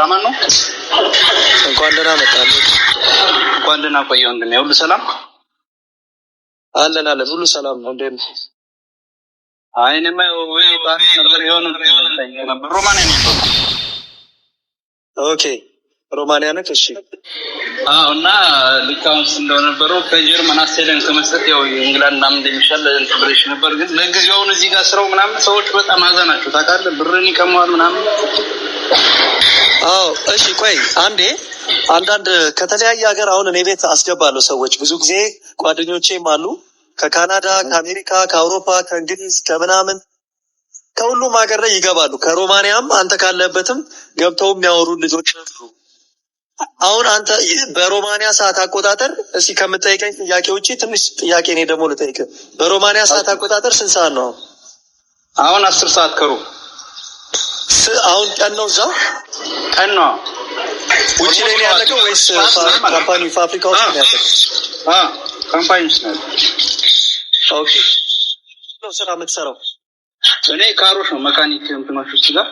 ራማን ነው። እንኳን ደህና መጣለ። እንኳን ደህና ቆየ ወንድሜ። ሁሉ ሰላም አለን አለን። ሁሉ ሰላም ነው። እንዴት ነው? ወይ ባሪ ነበር የሆነ ነበር። ሮማን ነው። ኦኬ ሮማንያ ነክ እሺ አዎ። እና ሊካውንስ እንደነበረው ከጀርመን አስተለን ከመስጠት ያው እንግላንድ ምናምን እንደሚሻል ብሬሽ ነበር። ግን ለጊዜው አሁን እዚህ ጋር ስራው ምናምን ሰዎች በጣም አዛ ናቸው ታውቃለህ። ብርን ይቀመዋል ምናምን አዎ እሺ፣ ቆይ አንዴ። አንዳንድ ከተለያየ ሀገር አሁን እኔ ቤት አስገባለሁ ሰዎች። ብዙ ጊዜ ጓደኞቼም አሉ ከካናዳ፣ ከአሜሪካ፣ ከአውሮፓ፣ ከእንግሊዝ፣ ከምናምን ከሁሉም ሀገር ላይ ይገባሉ። ከሮማንያም አንተ ካለበትም ገብተው የሚያወሩ ልጆች አሁን አንተ በሮማንያ ሰዓት አቆጣጠር እስኪ ከምጠይቀኝ ጥያቄ ውጭ ትንሽ ጥያቄ እኔ ደግሞ ልጠይቅ። በሮማንያ ሰዓት አቆጣጠር ስንት ሰዓት ነው አሁን? አስር ሰዓት ከሩብ አሁን ቀን ነው፣ እዛ ቀን ነው። ውጭ ላይ ነው ያለቀው ወይስ ካምፓኒ ፋብሪካ ውስጥ ያለ ካምፓኒ ውስጥ ነው። ኦኬ። ስራ የምትሰራው እኔ ካሮች ነው መካኒክ እንትኖች ውስጥ ጋር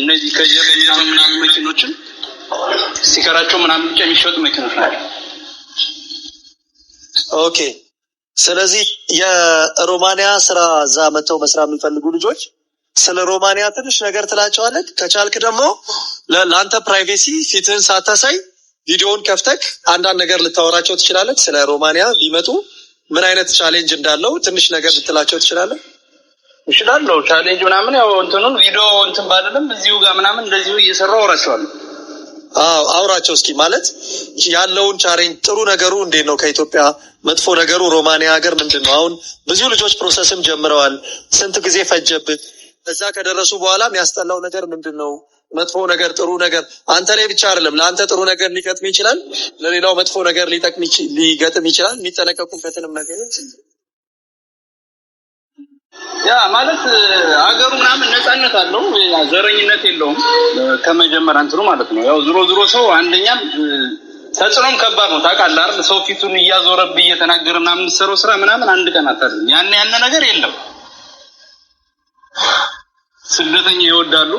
እነዚህ ከጀበና ምናምን መኪኖችን ስቲከራቸው ምናምን ብቻ የሚሸጡ መኪኖች ናቸው። ኦኬ። ስለዚህ የሮማንያ ስራ እዛ መተው መስራት የሚፈልጉ ልጆች ስለ ሮማንያ ትንሽ ነገር ትላቸዋለህ። ከቻልክ ደግሞ ለአንተ ፕራይቬሲ ፊትህን ሳታሳይ ቪዲዮውን ከፍተክ አንዳንድ ነገር ልታወራቸው ትችላለህ። ስለ ሮማንያ ቢመጡ ምን አይነት ቻሌንጅ እንዳለው ትንሽ ነገር ልትላቸው ትችላለህ። ይችላለሁ። ቻሌንጅ ምናምን ያው እንትኑን ቪዲዮ እንትን ባለለም እዚሁ ጋር ምናምን እንደዚሁ እየሰራ አወራቸዋለሁ። አዎ አውራቸው እስኪ ማለት ያለውን ቻሌንጅ ጥሩ ነገሩ እንዴት ነው ከኢትዮጵያ መጥፎ ነገሩ ሮማንያ ሀገር ምንድን ነው? አሁን ብዙ ልጆች ፕሮሰስም ጀምረዋል። ስንት ጊዜ ፈጀብህ? እዛ ከደረሱ በኋላ የሚያስጠላው ነገር ምንድን ነው? መጥፎ ነገር፣ ጥሩ ነገር አንተ ላይ ብቻ አይደለም። ለአንተ ጥሩ ነገር ሊገጥም ይችላል፣ ለሌላው መጥፎ ነገር ሊገጥም ይችላል። የሚጠነቀቁበትንም ነገር ያ ማለት አገሩ ምናምን ነፃነት አለው፣ ዘረኝነት የለውም። ከመጀመሪያ እንትኑ ማለት ነው። ያው ዝሮ ዝሮ ሰው አንደኛም ተጽዕኖም ከባድ ነው ታውቃለህ ሰው ፊቱን እያዞረብህ እየተናገረ ምናምን የምትሰራው ስራ ምናምን አንድ ቀን አታድርም። ያን ያነ ነገር የለም ስደተኛ ይወዳሉ።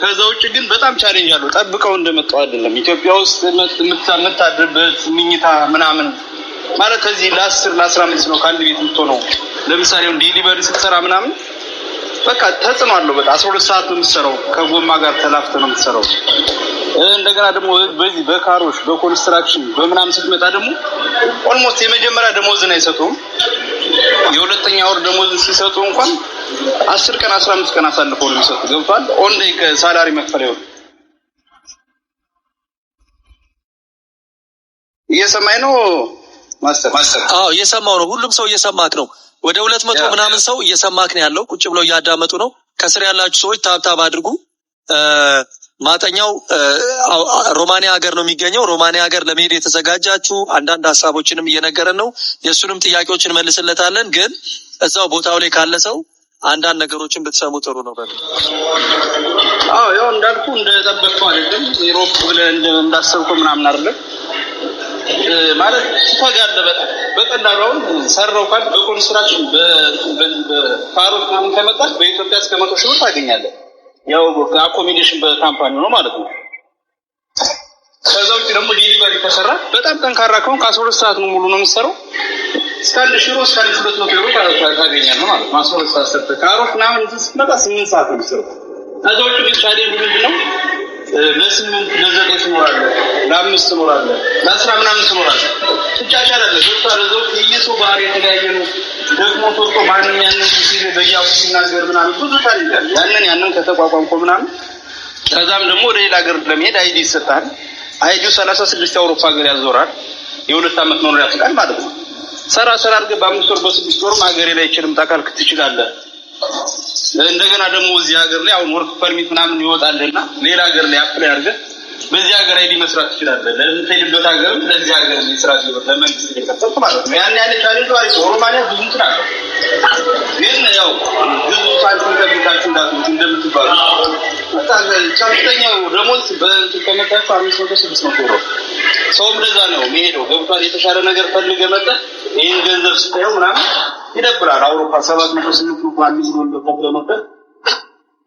ከዛ ውጭ ግን በጣም ቻሌንጅ አሉ ጠብቀው እንደመጣው አይደለም። ኢትዮጵያ ውስጥ የምታድርበት ምኝታ ምናምን ማለት ከዚህ ለአስር ለአስራ አምስት ነው ከአንድ ቤት ነው። ለምሳሌ ዴሊቨሪ ስትሰራ ምናምን በቃ ተጽዕኖ አለው። በቃ አስራ ሁለት ሰዓት ነው የምትሰራው። ከጎማ ጋር ተላፍተ ነው የምትሰራው። እንደገና ደግሞ በዚህ በካሮች በኮንስትራክሽን በምናምን ስትመጣ ደግሞ ኦልሞስት የመጀመሪያ ደሞዝን አይሰጡም። የሁለተኛ ወር ደሞዝ ሲሰጡ እንኳን አስር ቀን አስራ አምስት ቀን አሳልፈው ነው የሚሰጡ። ገብቷል። ኦን ከሳላሪ መክፈል እየሰማኝ ነው ማስተር። አዎ እየሰማው ነው። ሁሉም ሰው እየሰማክ ነው። ወደ ሁለት መቶ ምናምን ሰው እየሰማክ ነው ያለው። ቁጭ ብለው እያዳመጡ ነው። ከስር ያላችሁ ሰዎች ታብታብ አድርጉ። ማጠኛው ሮማኒያ ሀገር ነው የሚገኘው። ሮማኒያ ሀገር ለመሄድ የተዘጋጃችሁ አንዳንድ ሀሳቦችንም እየነገረን ነው። የእሱንም ጥያቄዎች እንመልስለታለን። ግን እዛው ቦታው ላይ ካለ ሰው አንዳንድ ነገሮችን ብትሰሙ ጥሩ ነው። በ ያው እንዳልኩ እንደጠበቅኩ አይደለም። ሮፕ ብለ እንዳሰብኩ ምናምን አይደለም ማለት ትፈጋለህ። በጣም በቀላሉ አሁን ሰራው ካል በኮንስትራክሽን በፓሮት ምናምን ከመጣች በኢትዮጵያ እስከ መቶ ሺህ ብር ታገኛለህ። ያው አኮሚዴሽን በካምፓኒ ነው ማለት ነው። ከዛ ውጭ ደግሞ ዴሊቨሪ ከሰራ በጣም ጠንካራ ከሆን ከአስራ ሁለት ሰዓት ነው ሙሉ ነው የሚሰራው እስከ አንድ ሺህ ብር እስከ አንድ ሁለት መቶ ብር ታገኛለህ ማለት ነው። አስራ ሁለት ሰዓት ሰርተህ ከአሮፍ ምናምን ስትመጣ ስምንት ሰዓት ነው የምትሰራው። ከዛ ውጭ ግን ቻሌንጅ ምንድን ነው? ለስምንት ለዘጠኝ ትኖራለህ፣ ለአምስት ትኖራለህ፣ ለአስራ ምናምን ትኖራለህ። ትጫጫላለህ። ሶስት አለዞች የየሰው ባህሪ የተለያየ ነው። ደግሞ ቶቶ ማንም ሲል በያፉ ሲናገር ምናምን ብዙ ታሪክ ያንን ያንን ከተቋቋምኮ ምናምን ከዛም ደግሞ ወደ ሌላ ሀገር ለመሄድ አይዲ ይሰጣል። አይዲው ሰላሳ ስድስት የአውሮፓ ሀገር ያዞራል። የሁለት ዓመት መኖሪያ ፍቃድ ማለት ነው። ሰራ ሰራ አድርገህ በአምስት ወር በስድስት ወርም ሀገሬ ላይ ችልምጣ ካልክ ትችላለህ እንደገና ደግሞ እዚህ ሀገር ላይ አሁን ወርክ ፐርሚት ምናምን ይወጣልና ሌላ ሀገር ላይ አፕላይ አድርገህ በዚህ ሀገር አይዲ መስራት ትችላለህ። ለምትሄድበት ሀገር ለዚህ ሀገር ስራ ሊሆን ለመንግስት ሊከተል ማለት ነው። ያን ያለ ቻሌንጅ አሪፍ ኦሮማንያ ብዙ እንትን አለ፣ ግን ያው ብዙ ሳንቲም ከቤታችሁ እንዳትወጡ እንደምትባሉ ከፍተኛው ደሞዝ በእንትን ከመጣችሁ አምስት መቶ ስድስት መቶ ነው። ሰውም እንደዛ ነው የሚሄደው። ገብቷል። የተሻለ ነገር ፈልገህ መጠህ ይህን ገንዘብ ስታየው ምናምን ይደብራል። አውሮፓ ሰባት መቶ ስምንት መቶ አንድ ሚሊዮን በቆብ ለመበት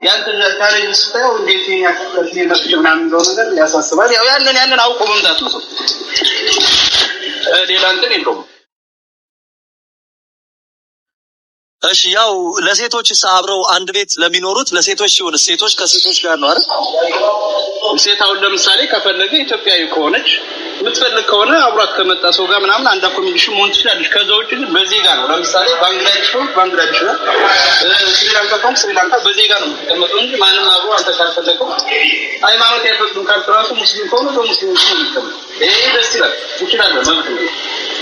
ያንተ ቻሌንጅ ስታየው እንዴት ያከፈል ይመስል ምናምን እንደው ነገር ያሳስባል። ያው ያንን ያንን አውቆ መምጣት ነው። ሌላ እንትን የለውም። እሺ ያው ለሴቶችስ አብረው አንድ ቤት ለሚኖሩት ለሴቶች ሲሆን ሴቶች ከሴቶች ጋር ነው አይደል? ሴት አሁን ለምሳሌ ከፈለገ ኢትዮጵያዊ ከሆነች የምትፈልግ ከሆነ አብሯት ከመጣ ሰው ጋር ምናምን አንድ አኮሚኒሽን መሆን ትችላለች። ከዛ ውጭ ግን በዜጋ ነው። ለምሳሌ ባንግላዴሽ ነው ባንግላዴሽ ነው፣ ስሪላንካ ከሆንክ ስሪላንካ በዜጋ ነው የምትቀመጠው እንጂ ማንም አብሮ አንተ ካልፈለገው ሃይማኖት ያፈቅዱን ካልክ ሙስሊም ከሆኑ በሙስሊሞች ነው የሚቀመጠው። ይሄ ደስ ይላል። ይችላለ መብት ነው።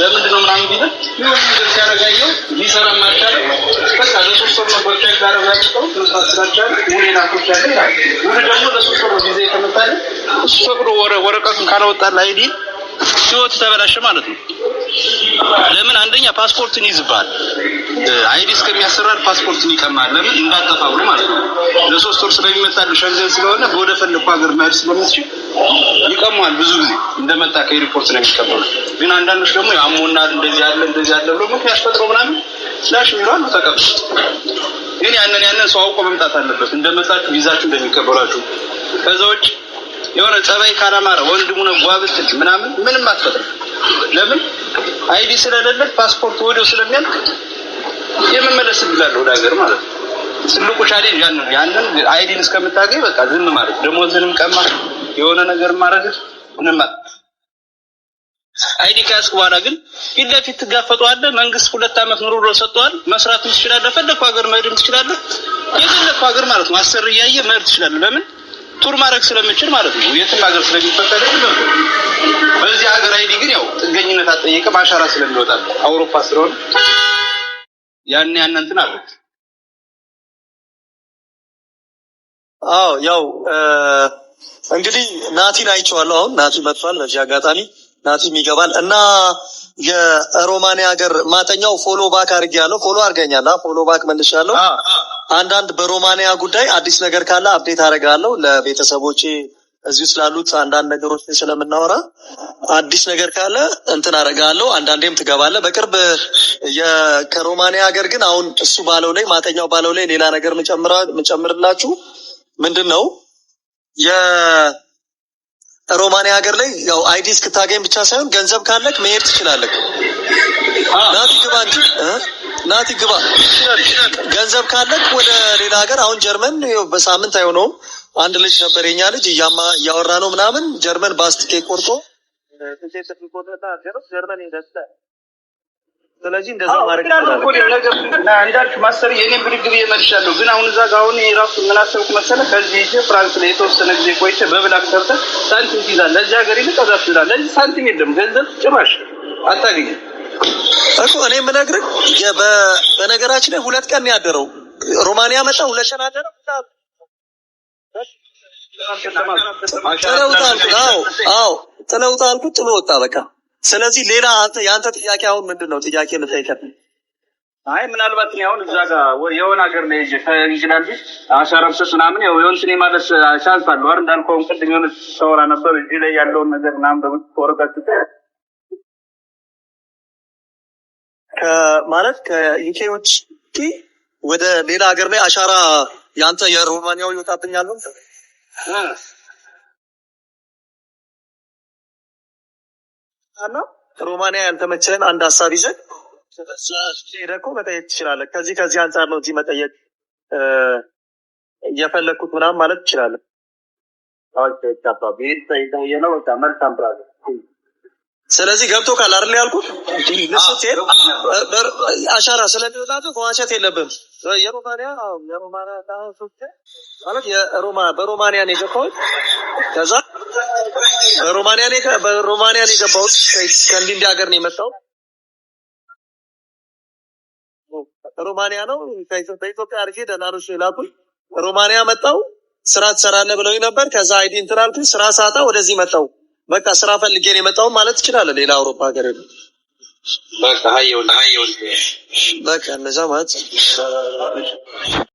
ለምንድነው ምናምን ቢል የሆነ ነገር ሲያረጋየው ሊሰራ ማቻለ በቃ ለሶስት ወር ነበር ቸክ ዳረጋቸው መስራት ስላልቻለ ውሌላ ኮቻለ ይላል። ውድ ደግሞ ለሶስት ወር ጊዜ የተመታለ እሱ ፈቅዶ ወረቀቱን ካላወጣል አይዲን ህይወት ተበላሸ ማለት ነው። ለምን አንደኛ ፓስፖርትን ይዝባል፣ አይዲ እስከሚያሰራል ፓስፖርትን ይቀማል። ለምን እንዳጠፋ ብሎ ማለት ነው። ለሶስት ወር ስለሚመጣል ሸንዘን ስለሆነ ወደ ፈለኩ ሀገር መሄድ ስለምትችል ይቀሟል። ብዙ ጊዜ እንደመጣ ከኤርፖርት ነው የሚቀበሉ። ግን አንዳንዶች ደግሞ አሞናል፣ እንደዚህ አለ እንደዚህ አለ ብሎ ምክንያት ፈጥሮ ምናምን ስላሽ የሚለዋል ተቀብ ግን ያንን ያንን ሰው አውቆ መምጣት አለበት። እንደመጣችሁ ይዛችሁ እንደሚቀበሏችሁ ከዛ ውጭ የሆነ ጸባይ ካላማረ ወንድሙ ነው ጓብትል ምናምን ምንም አትፈጥርም። ለምን አይዲ ስለሌለ ፓስፖርት ወዲያው ስለሚያልቅ የምመለስ ብላለሁ ወደ ሀገር ማለት ነው። ትልቁ ቻሌንጅ ያን ያንን አይዲን እስከምታገኝ በቃ ዝም ማለት ደሞዝንም ቀማ የሆነ ነገር ማረግ ምንም አይዲ ከያዝክ በኋላ ግን ፊት ለፊት ትጋፈጠዋለህ። መንግስት ሁለት ዓመት ኑሮ ብሎ ሰጥቷል። መስራት ትችላለህ። ፈለግኩ ሀገር መሄድም ትችላለህ። የፈለግኩ ሀገር ማለት ነው። አሰር እያየ መሄድ ትችላለህ። ለምን ቱር ማድረግ ስለምችል ማለት ነው። የትም ሀገር ስለሚፈቀደ በዚህ ሀገር አይዲ ግን ያው ጥገኝነት አጠየቀ አሻራ ስለሚወጣ አውሮፓ ስለሆነ ያን ያን እንትን አለት አዎ ያው እንግዲህ ናቲን አይቼዋለሁ። አሁን ናቲ መጥቷል። በዚህ አጋጣሚ ናቲም ይገባል እና የሮማኒያ ሀገር ማተኛው ፎሎ ባክ አድርጌያለሁ። ፎሎ አድርገኛል። ፎሎ ባክ መልሻለሁ። አንዳንድ በሮማንያ ጉዳይ አዲስ ነገር ካለ አብዴት አደርጋለሁ ለቤተሰቦቼ እዚሁ ስላሉት አንዳንድ ነገሮች ስለምናወራ አዲስ ነገር ካለ እንትን አደርጋለሁ። አንዳንዴም ትገባለ በቅርብ ከሮማንያ ሀገር ግን አሁን እሱ ባለው ላይ ማተኛው ባለው ላይ ሌላ ነገር ምጨምርላችሁ ምንድን ነው የሮማንያ ሀገር ላይ ያው አይዲ እስክታገኝ ብቻ ሳይሆን ገንዘብ ካለክ መሄድ ትችላለክ ናት ግባ እንጂ ናቲ ግባ። ገንዘብ ካለክ ወደ ሌላ ሀገር አሁን ጀርመን በሳምንት አይሆነውም። አንድ ልጅ ነበር የኛ ልጅ እያማ እያወራ ነው ምናምን ጀርመን ባስ ቆርጦ ስለዚህ እንደዛ እንዳልክ ማሰሪ የኔ ብድግ ብዬ መልሻለሁ። ግን አሁን እዛ ጋ አሁን የራሱ ምን መሰለ ከዚህ ይዤ ፍራንስ ላይ የተወሰነ ጊዜ ቆይቼ በብላክ ሰርተ ሳንቲም ትይዛለህ። ለዚህ ሀገር ይልቅ ዛ ትላለህ። ለዚህ ሳንቲም የለም ገንዘብ ጭራሽ አታገኝም። እሱ እኔ የምነግርህ በነገራችን ላይ ሁለት ቀን ያደረው ሮማንያ መጣ፣ ሁለት ቀን አደረው። ጥለውት አልኩት። አዎ አዎ ጥለውት አልኩት። ጥሎ ወጣ በቃ። ስለዚህ ሌላ አንተ የአንተ ጥያቄ አሁን ምንድን ነው? ጥያቄ ልጠይቀህ። አይ ምናልባት እኔ አሁን እዛ ጋር የሆነ ሀገር ነው ይዤ ይችላል አስራ አምስት ምናምን ያው የሆን ስኔ ማለት ሻንስ አለው አይደል? እንዳልከው ቅድም የሆነ ሰውራ ነበር እዚህ ላይ ያለውን ነገር ምናምን በምትወረጋችሁ ማለት ውጭ ወደ ሌላ ሀገር ላይ አሻራ የአንተ የሮማኒያው ይወጣብኛል። ሮማኒያ ያልተመቸህን አንድ ሀሳብ ይዘህ ሄደህ እኮ መጠየቅ ትችላለህ። ከዚህ ከዚህ አንጻር ነው እዚህ መጠየቅ እየፈለግኩት ምናምን ማለት ትችላለህ። ስለዚህ ገብቶ ካል አይደል ያልኩት አሻራ ስለሚወጣት ከዋሸት የለብም። የሮማንያ የሮማንያ ማለት በሮማንያ ነው የገባሁት። ከዛ በሮማንያ ነው በሮማንያ ነው የገባሁት። ከእንዲህ እንዲህ ሀገር ነው የመጣሁት። ሮማንያ ነው በኢትዮጵያ አድርጌ ደላሎች ላኩኝ። ሮማንያ መጣው ስራ ትሰራለህ ብለው ነበር። ከዛ አይዲ እንትን አልኩኝ። ስራ ሳጣ ወደዚህ መጣው። በቃ ስራ ፈልጌን የመጣው ማለት ትችላለህ። ሌላ አውሮፓ ሀገር ነው በቃ ሀየውን ሀየው በቃ እነዛ ማለት